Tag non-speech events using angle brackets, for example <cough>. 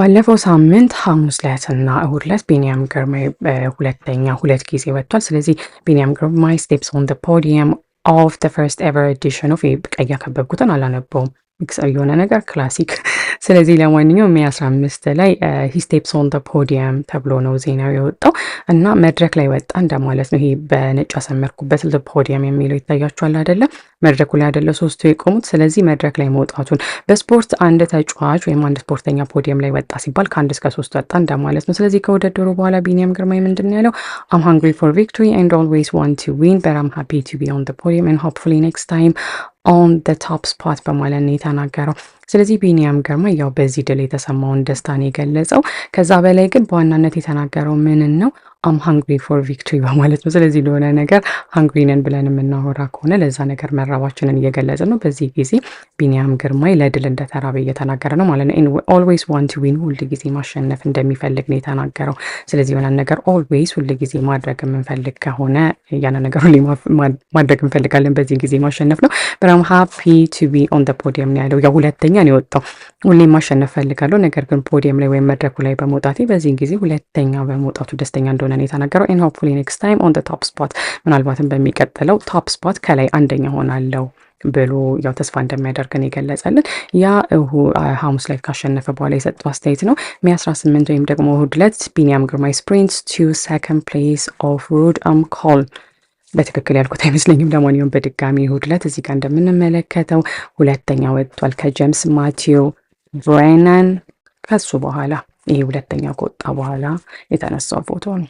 ባለፈው ሳምንት ሐሙስ እና እሁድ ዕለት ቢኒያም ግርማይ ሁለተኛ ሁለት ጊዜ ወጥቷል። ስለዚህ ቢኒያም ግርማይ ስቴፕስ ኦን ፖዲየም ኦፍ ፈርስት ኤቨር ኤዲሽን ኦፍ ቀይ ያከበብኩትን አላነበውም የሆነ ነገር ክላሲክ። <laughs> ስለዚህ ለማንኛውም ሜይ 15 ላይ ሂ ስቴፕስ ኦን ፖዲየም ተብሎ ነው ዜናው የወጣው እና መድረክ ላይ ወጣ እንደማለት ነው። ይሄ በነጭ ያሰመርኩበት ፖዲየም የሚለው ይታያችኋል አይደለም? መድረኩ ላይ አይደለም ሶስቱ የቆሙት። ስለዚህ መድረክ ላይ መውጣቱን በስፖርት አንድ ተጫዋች ወይም አንድ ስፖርተኛ ፖዲየም ላይ ወጣ ሲባል ከአንድ እስከ ሶስት ወጣ እንደማለት ነው። ስለዚህ ከውድድሩ በኋላ ቢኒያም ግርማ ምንድን ያለው አም ሃንግሪ ፎር ቪክቶሪ ኤንድ ኦልዌይስ ዋንት ቱ ዊን በት አም ሃፒ ቱ ቢ ኦን ዘ ፖዲየም ኤንድ ሆፕፉሊ ኔክስት ታይም ኦን ዘ ቶፕ ስፖት በማለት ነው የተናገረው። ስለዚህ ቢኒያም ግርማ ያው በዚህ ድል የተሰማውን ደስታ የገለጸው። ከዛ በላይ ግን በዋናነት የተናገረው ምንን ነው? አም ሃንግሪ ፎር ቪክቶሪ በማለት ነው። ስለዚህ ለሆነ ነገር ሃንግሪ ነን ብለን የምናወራ ከሆነ ለዛ ነገር መራባችንን እየገለጽን ነው። በዚህ ጊዜ ቢኒያም ግርማይ ለድል እንደተራበ እየተናገረ ነው ማለት ነው። ኦልዌይስ ዋንት ዊን ሁል ጊዜ ማሸነፍ እንደሚፈልግ ነው የተናገረው። ስለዚህ የሆነ ነገር ኦልዌይስ ሁል ጊዜ ማድረግ የምንፈልግ ከሆነ ያንን ነገር ሁሌ ማድረግ እንፈልጋለን። በዚህ ጊዜ ማሸነፍ ነው። በጣም ሃፒ ቱ ቢ ኦን ደ ፖዲየም ነው ያለው። ያ ሁለተኛ ነው የወጣው። ሁሌ ማሸነፍ ፈልጋለሁ፣ ነገር ግን ፖዲየም ላይ ወይም መድረኩ ላይ በመውጣቴ በዚህ ጊዜ ሁለተኛ በመውጣቱ ደስተኛ እንደሆነ ነው የተናገረው። ኢን ሆፕፉሊ ኔክስት ታይም ኦን ቶፕ ስፖት፣ ምናልባትም በሚቀጥለው ቶፕ ስፖት ከላይ አንደኛ ሆናለው ብሎ ያው ተስፋ እንደሚያደርግን የገለጸልን ያ እሁ ሐሙስ ላይ ካሸነፈ በኋላ የሰጠው አስተያየት ነው። ሜ 18 ወይም ደግሞ እሁድ ዕለት ቢኒያም ግርማይ ስፕሪንት ቱ ሰከንድ ፕሌስ ኦፍ ሩድ አም ኮል በትክክል ያልኩት አይመስለኝም። ለማንኛውም በድጋሚ እሁድ ዕለት እዚህ ጋር እንደምንመለከተው ሁለተኛ ወጥቷል ከጀምስ ማቲዮ ብሬነን ከሱ በኋላ ይሄ ሁለተኛ ከወጣ በኋላ የተነሳው ፎቶ ነው።